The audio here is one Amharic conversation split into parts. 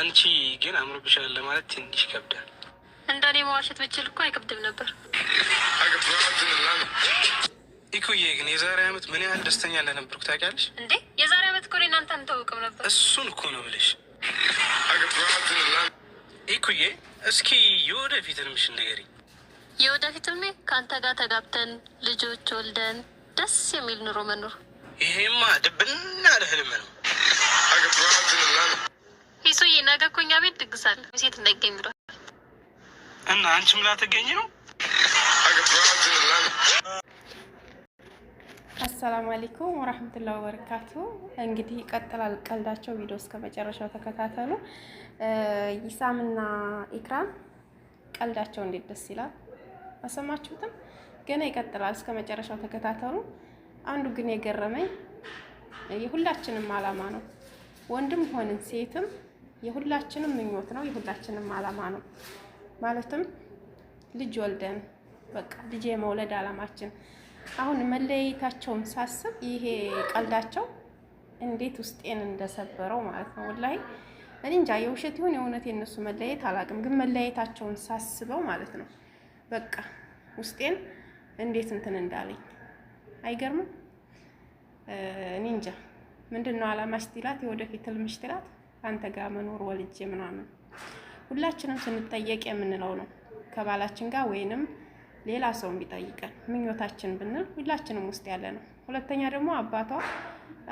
አንቺ ግን አምሮብሻል ለማለት ትንሽ ይከብዳል። እንደኔ መዋሸት ብችል እኮ አይከብድም ነበር። ኢኩዬ ግን የዛሬ አመት ምን ያህል ደስተኛ እንደነበርኩ ታውቂያለሽ እንዴ? የዛሬ አመት እኮ እናንተ አንታወቅም ነበር። እሱን እኮ ነው ብለሽ ኢኩዬ፣ እስኪ የወደፊት ህልምሽን ንገሪኝ። የወደፊት ህልሜ ከአንተ ጋር ተጋብተን ልጆች ወልደን ደስ የሚል ኑሮ መኖር። ይሄማ ድብና ህልም ነው። እሱዬ ነገ እኮ እኛ ቤት ድግስ አለ። ሴት እንዳይገኝ ብሏል እና ምላ ላትገኝ ነው። አሰላሙ አለይኩም ወራህመቱላሂ ወበረካቱ። እንግዲህ ይቀጥላል ቀልዳቸው። ቪዲዮ እስከ መጨረሻው ተከታተሉ። ይሳምና ኢክራም ቀልዳቸው እንዴት ደስ ይላል! አሰማችሁትም? ገና ይቀጥላል። እስከ መጨረሻው ተከታተሉ። አንዱ ግን የገረመኝ የሁላችንም አላማ ነው ወንድም ሆንን ሴትም የሁላችንም ምኞት ነው፣ የሁላችንም አላማ ነው። ማለትም ልጅ ወልደን በቃ ልጅ የመውለድ አላማችን። አሁን መለያየታቸውን ሳስብ ይሄ ቀልዳቸው እንዴት ውስጤን እንደሰበረው ማለት ነው። ወላሂ እኔ እንጃ የውሸት ይሁን የእውነት የእነሱ መለያየት አላውቅም፣ ግን መለያየታቸውን ሳስበው ማለት ነው በቃ ውስጤን እንዴት እንትን እንዳለኝ አይገርምም። እኔ እንጃ ምንድን ነው አላማሽ ትላት የወደፊት ትልምሽ ትላት አንተ ጋር መኖር ወልጄ ምናምን ሁላችንም ስንጠየቅ የምንለው ነው። ከባላችን ጋር ወይንም ሌላ ሰው ቢጠይቀን ምኞታችን ብንል ሁላችንም ውስጥ ያለ ነው። ሁለተኛ ደግሞ አባቷ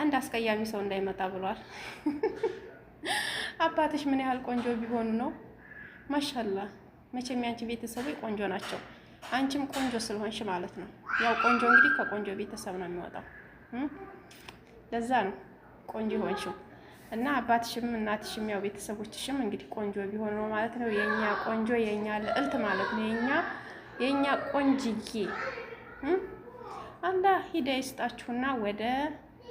አንድ አስቀያሚ ሰው እንዳይመጣ ብሏል። አባትሽ ምን ያህል ቆንጆ ቢሆኑ ነው ማሻላ። መቼም ያንቺ ቤተሰቡ ቆንጆ ናቸው፣ አንቺም ቆንጆ ስለሆንሽ ማለት ነው። ያው ቆንጆ እንግዲህ ከቆንጆ ቤተሰብ ነው የሚወጣው። ለዛ ነው ቆንጆ ሆንሽው። እና አባትሽም እናትሽም ያው ቤተሰቦችሽም እንግዲህ ቆንጆ ቢሆን ነው ማለት ነው። የኛ ቆንጆ የኛ ልዕልት ማለት ነው። የኛ የኛ ቆንጅዬ አላህ ሂዳ ይስጣችሁና ወደ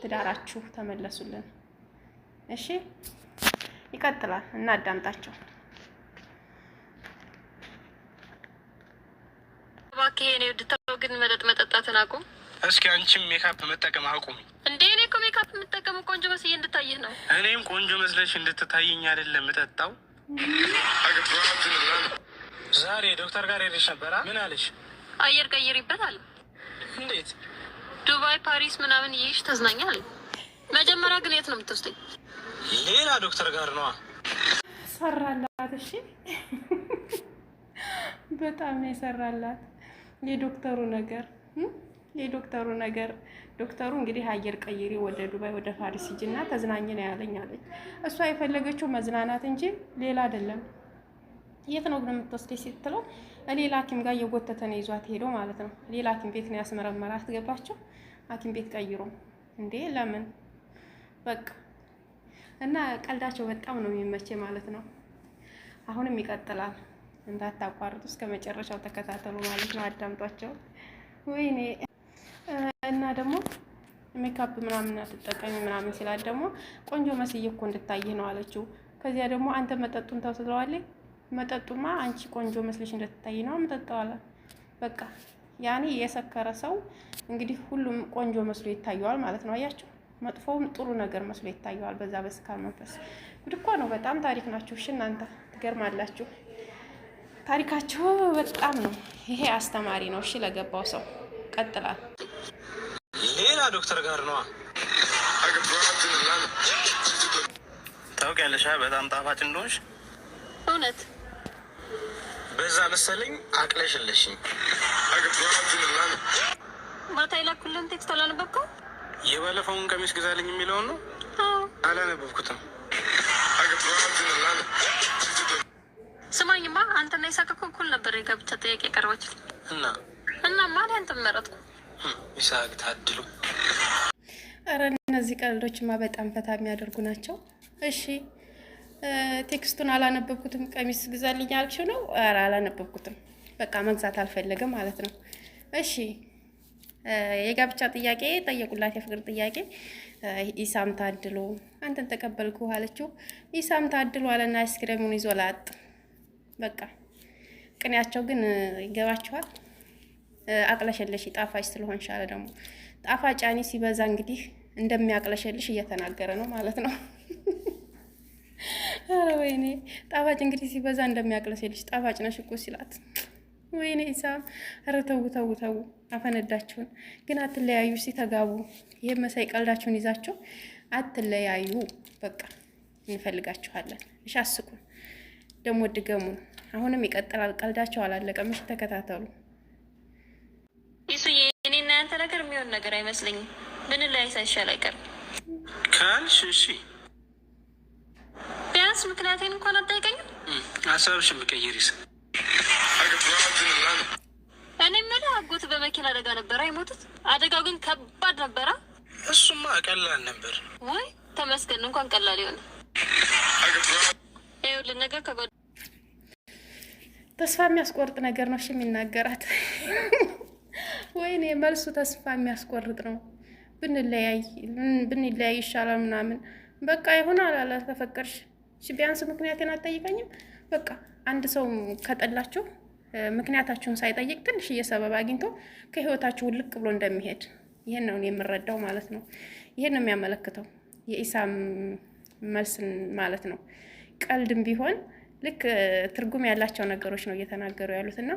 ትዳራችሁ ተመለሱልን። እሺ ይቀጥላል እና አዳምጣቸው። እባክህ የኔ ውድ ተው ግን መጠጥ መጠጣትን አቁም። እስኪ አንቺም ሜካፕ መጠቀም አቁሚ። እንዴ እኔ እኮ ሜካፕ የምጠቀሙ ቆንጆ መስዬ እንድታየህ ነው። እኔም ቆንጆ መስለሽ እንድትታየኝ አይደለም እጠጣው። ዛሬ ዶክተር ጋር ሄደሽ ነበራ? ምን አለሽ? አየር ቀይሪበት አለ። እንዴት? ዱባይ፣ ፓሪስ ምናምን ይሽ ተዝናኛ አለ። መጀመሪያ ግን የት ነው የምትወስደኝ? ሌላ ዶክተር ጋር ነዋ። ሰራላት። እሺ በጣም የሰራላት የዶክተሩ ነገር የዶክተሩ ነገር ዶክተሩ እንግዲህ አየር ቀይሪ ወደ ዱባይ ወደ ፋሪስ ሂጂና ተዝናኝ ነው ያለኝ አለች። እሷ የፈለገችው መዝናናት እንጂ ሌላ አይደለም። የት ነው ግን የምትወስደኝ ስትለው ሌላ ሐኪም ጋር እየጎተተ ነው ይዟት ማለት ነው። ሌላ ሐኪም ቤት ነው ያስመረመረ። ገባቸው ሐኪም ቤት ቀይሮ እንዴ ለምን በቃ እና ቀልዳቸው በጣም ነው የሚመቼ ማለት ነው። አሁንም ይቀጥላል። እንዳታቋርጡ እስከ መጨረሻው ተከታተሉ ማለት ነው። አዳምጧቸው። ወይኔ እና ደግሞ ሜካፕ ምናምን አትጠቀሚ ምናምን ሲላት ደግሞ ቆንጆ መስዬ እኮ እንድታይህ ነው አለችው። ከዚያ ደግሞ አንተ መጠጡን ተው ስለዋለኝ መጠጡማ አንቺ ቆንጆ መስለሽ እንድትታይ ነው መጠጣው በቃ ያኔ የሰከረ ሰው እንግዲህ ሁሉም ቆንጆ መስሎ ይታየዋል ማለት ነው። አያቸው መጥፎውም ጥሩ ነገር መስሎ ይታየዋል። በዛ በስካር መንፈስ ጉድ እኮ ነው። በጣም ታሪክ ናችሁ። እሺ እናንተ ትገርማላችሁ። ታሪካችሁ በጣም ነው። ይሄ አስተማሪ ነው። እሺ ለገባው ሰው ቀጥላል። ሌላ ዶክተር ጋር ነዋ። ታውቂያለሽ በጣም ጣፋጭ እንደሆንሽ እውነት። በዛ መሰለኝ አቅለሽለሽኝ። ማታ የላኩልን ቴክስት አላነበብከው? የባለፈውን ቀሚስ ግዛልኝ የሚለውን ነው። አላነበብኩትም። ስማኝማ፣ አንተና የሳቀኩ እኩል ነበር የጋብቻ ጥያቄ ቀርባችል እና እና ማን ያንተ መረጥኩ ይስሐቅ ታድሉ። አረ እነዚህ ቀልዶችማ በጣም ፈታ የሚያደርጉ ናቸው። እሺ ቴክስቱን አላነበብኩትም። ቀሚስ ግዛልኝ አልችው ነው። አላነበብኩትም። በቃ መግዛት አልፈለገም ማለት ነው። እሺ የጋብቻ ጥያቄ ጠየቁላት፣ የፍቅር ጥያቄ። ኢሳም ታድሎ አንተን ተቀበልኩ አለችው። ኢሳም ታድሎ አለና አይስክሬሙን ይዞ ላጥ። በቃ ቅኔያቸው ግን ይገባችኋል። አቅለሸለሽ ጣፋጭ ስለሆን ሻለ ደግሞ ጣፋጭ አኒ ሲበዛ እንግዲህ እንደሚያቅለሸልሽ እየተናገረ ነው ማለት ነው። አረ ወይኔ ጣፋጭ እንግዲህ ሲበዛ እንደሚያቅለሸልሽ ጣፋጭ ነሽ እኮ ሲላት ወይኔ ሳ ኧረ ተው ተው ተው አፈነዳችሁን። ግን አትለያዩ፣ ሲተጋቡ ይህ መሳይ ቀልዳችሁን ይዛቸው አትለያዩ። በቃ እንፈልጋችኋለን። እሺ አስቁን፣ ደግሞ ድገሙን። አሁንም ይቀጥላል ቀልዳቸው አላለቀም። እሺ ተከታተሉ። ይሱ የእኔና ያንተ ነገር የሚሆን ነገር አይመስለኝም። ምን ላይ ሳይሻል አይቀርም ካልሽ እሺ። ቢያንስ ምክንያቴን እንኳን አታይቀኝም። ሀሳብሽን ብቀይር እኔ የምልህ አጎት በመኪና አደጋ ነበር አይሞቱት። አደጋው ግን ከባድ ነበራ። እሱማ ቀላል ነበር ወይ? ተመስገን እንኳን ቀላል ይሆነ ይኸውልህ ነገር ከጓ ተስፋ የሚያስቆርጥ ነገር ነው። እሺ የሚናገራት ወይኔ መልሱ ተስፋ የሚያስቆርጥ ነው። ብንለያይ ብንለያይ ይሻላል ምናምን በቃ ይሁን አላላት። ከፈቀድሽ ቢያንስ ምክንያቴን አትጠይቀኝም። በቃ አንድ ሰው ከጠላችሁ ምክንያታችሁን ሳይጠይቅ ትንሽ እየሰበብ አግኝቶ ከህይወታችሁ ልቅ ብሎ እንደሚሄድ ይህን ነው የምረዳው ማለት ነው። ይህን ነው የሚያመለክተው የኢሳ መልስን ማለት ነው። ቀልድም ቢሆን ልክ ትርጉም ያላቸው ነገሮች ነው እየተናገሩ ያሉት እና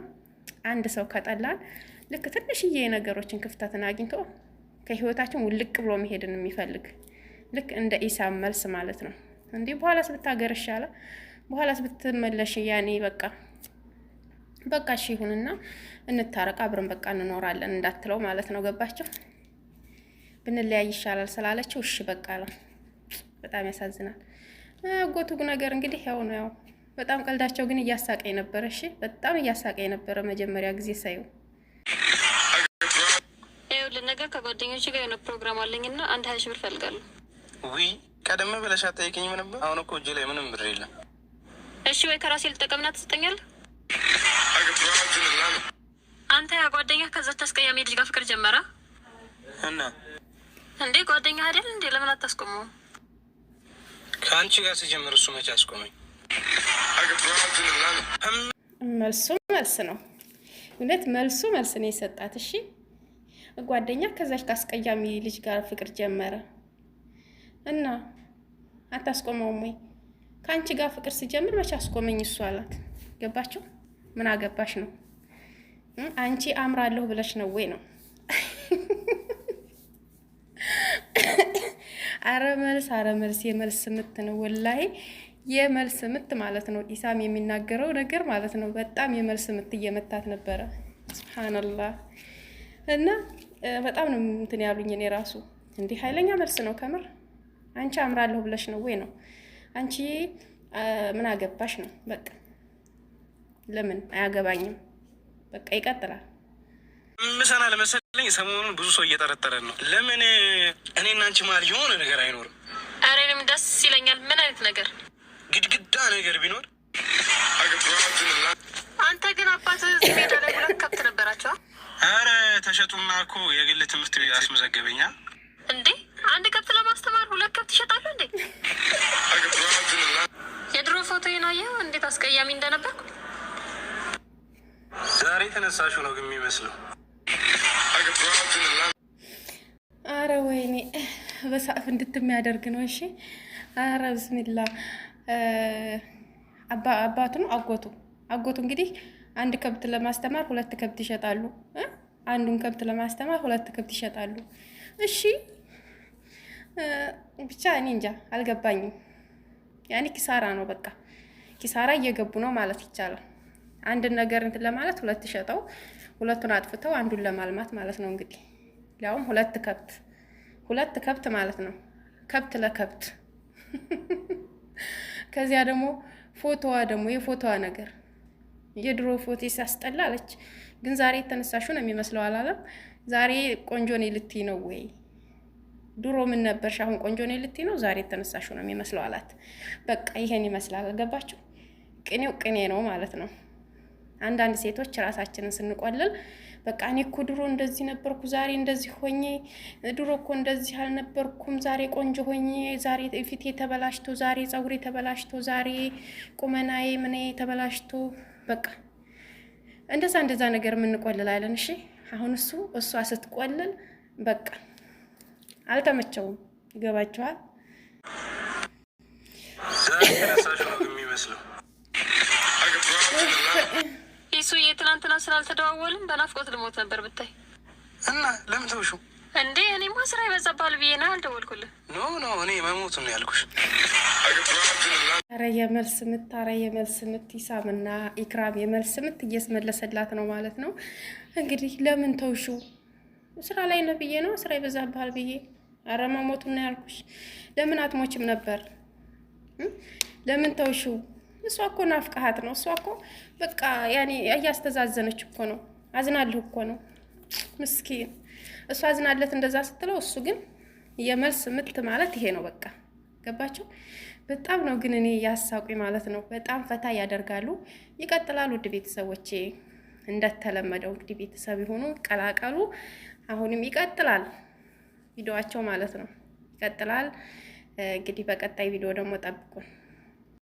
አንድ ሰው ከጠላን ልክ ትንሽዬ ነገሮችን ክፍተትን አግኝቶ ከህይወታችን ውልቅ ብሎ መሄድን የሚፈልግ ልክ እንደ ኢሳ መልስ ማለት ነው። እንዲህ በኋላስ ብታገር ይሻለ በኋላስ ብትመለሽ ያኔ በቃ በቃ እሺ ይሁንና እንታረቅ አብረን በቃ እንኖራለን እንዳትለው ማለት ነው። ገባቸው ብንለያይ ይሻላል ስላለችው እሺ በቃ ነው። በጣም ያሳዝናል። አጎቱ ነገር እንግዲህ ያው ነው። ያው በጣም ቀልዳቸው ግን እያሳቀኝ ነበረ። እሺ በጣም እያሳቀኝ ነበረ መጀመሪያ ጊዜ ሳይው ጋር ከጓደኞች ጋር የሆነ ፕሮግራም አለኝ እና አንድ ሀያ ሺህ ብር እፈልጋለሁ። ውይ ቀደም ብለሽ አትጠይቅኝም ነበር? አሁን እኮ እጄ ላይ ምንም ብር የለም። እሺ ወይ ከራሴ ልጠቀምና ትሰጠኛለህ? አንተ ያ ጓደኛ ከዛች አስቀያሚ ልጅ ጋር ፍቅር ጀመረ እና እንዴ ጓደኛ አይደል እንዴ? ለምን አታስቆመውም? ከአንቺ ጋር ሲጀምር እሱ መቼ አስቆመኝ? መልሱ መልስ ነው። እውነት መልሱ መልስ ነው የሰጣት። እሺ ጓደኛ ከዛች ከአስቀያሚ ልጅ ጋር ፍቅር ጀመረ እና አታስቆመውም ወይ? ከአንቺ ጋር ፍቅር ሲጀምር መቼ አስቆመኝ እሱ አላት። ገባቸው። ምን አገባሽ ነው አንቺ አምራለሁ ብለሽ ነው ወይ ነው? አረ መልስ፣ አረ መልስ፣ የመልስ ምት ነው ወላሂ የመልስ ምት ማለት ነው። ኢሳም የሚናገረው ነገር ማለት ነው። በጣም የመልስ ምት እየመታት ነበረ። ሱብሃነላህ እና በጣም ነው እንትን ያሉኝ። እኔ ራሱ እንዲህ ኃይለኛ መልስ ነው ከምር። አንቺ አምራለሁ ብለሽ ነው ወይ ነው አንቺ ምን አገባሽ ነው በቃ። ለምን አያገባኝም በቃ ይቀጥላል። ምሰና ለመሰለኝ ሰሞኑን ብዙ ሰው እየጠረጠረን ነው። ለምን እኔና አንቺ መሀል የሆነ ነገር አይኖርም? እኔንም ደስ ይለኛል። ምን አይነት ነገር ግድግዳ ነገር ቢኖር ተሸጡና እኮ የግል ትምህርት ቤት አስመዘገበኛ እንዴ? አንድ ከብት ለማስተማር ሁለት ከብት ይሸጣሉ እንዴ? የድሮ ፎቶ አየኸው? እንዴት አስቀያሚ እንደነበርኩ። ዛሬ ተነሳሽው ነው ግን የሚመስለው። አረ ወይኔ በሳፍ እንድትሚያደርግ ነው። እሺ አረ ብስሚላ አባቱ ነው አጎቱ አጎቱ እንግዲህ አንድ ከብት ለማስተማር ሁለት ከብት ይሸጣሉ። አንዱን ከብት ለማስተማር ሁለት ከብት ይሸጣሉ። እሺ ብቻ እኔ እንጃ አልገባኝም። ያኔ ኪሳራ ነው በቃ ኪሳራ እየገቡ ነው ማለት ይቻላል። አንድን ነገር እንትን ለማለት ሁለት ሸጠው ሁለቱን አጥፍተው አንዱን ለማልማት ማለት ነው እንግዲህ ያውም ሁለት ከብት ሁለት ከብት ማለት ነው ከብት ለከብት ከዚያ ደግሞ ፎቶዋ ደግሞ የፎቶዋ ነገር የድሮ ፎቴ ሲያስጠላ አለች። ግን ዛሬ የተነሳሹ ነው የሚመስለው አላለም። ዛሬ ቆንጆ ነኝ ልትይ ነው ወይ? ድሮ ምን ነበርሽ አሁን ቆንጆ ነኝ ልትይ ነው? ዛሬ የተነሳሹ ነው የሚመስለው አላት። በቃ ይሄን ይመስላል። አልገባችሁ? ቅኔው ቅኔ ነው ማለት ነው። አንዳንድ ሴቶች ራሳችንን ስንቆልል በቃ እኔ እኮ ድሮ እንደዚህ ነበርኩ፣ ዛሬ እንደዚህ ሆኜ፣ ድሮ እኮ እንደዚህ አልነበርኩም፣ ዛሬ ቆንጆ ሆኜ፣ ዛሬ ፊቴ ተበላሽቶ፣ ዛሬ ፀጉሬ ተበላሽቶ፣ ዛሬ ቁመናዬ ምኔ ተበላሽቶ በቃ እንደዛ እንደዛ ነገር የምንቆልል የምንቆልላለን። እሺ አሁን እሱ እሷ ስትቆልል በቃ አልተመቸውም። ይገባችኋል? ይሱ የትናንትና ስላልተደዋወልን በናፍቆት ልሞት ነበር ብታይ። እና ለምን ተውሹ እንዴ? እኔማ ስራ ይበዛባል ብዬ ና አልደወልኩልን። ኖ ኖ እኔ መሞቱን ነው ያልኩሽ። ኧረ የመልስ ምት አረ የመልስ ምት ኢሳምና ኢክራም የመልስ ምት እየስመለሰላት ነው ማለት ነው። እንግዲህ ለምን ተውሹ ስራ ላይ ነው ብዬ ነው ስራ ይበዛብሃል ብዬ ኧረ መሞቱን ነው ያልኩሽ። ለምን አትሞችም ነበር? ለምን ተውሹ? እሷ እኮ ናፍቃሃት ነው። እሷ እኮ በቃ ያኔ እያስተዛዘነች እኮ ነው። አዝናለሁ እኮ ነው ምስኪን። እሷ አዝናለት እንደዛ ስትለው፣ እሱ ግን የመልስ ምት ማለት ይሄ ነው በቃ ገባቸው። በጣም ነው ግን እኔ ያሳቁኝ ማለት ነው። በጣም ፈታ ያደርጋሉ። ይቀጥላል። ውድ ቤተሰቦቼ እንደተለመደው እንግዲህ ቤተሰብ የሆኑ ቀላቀሉ። አሁንም ይቀጥላል ቪዲዮቸው ማለት ነው። ይቀጥላል። እንግዲህ በቀጣይ ቪዲዮ ደግሞ ጠብቁን።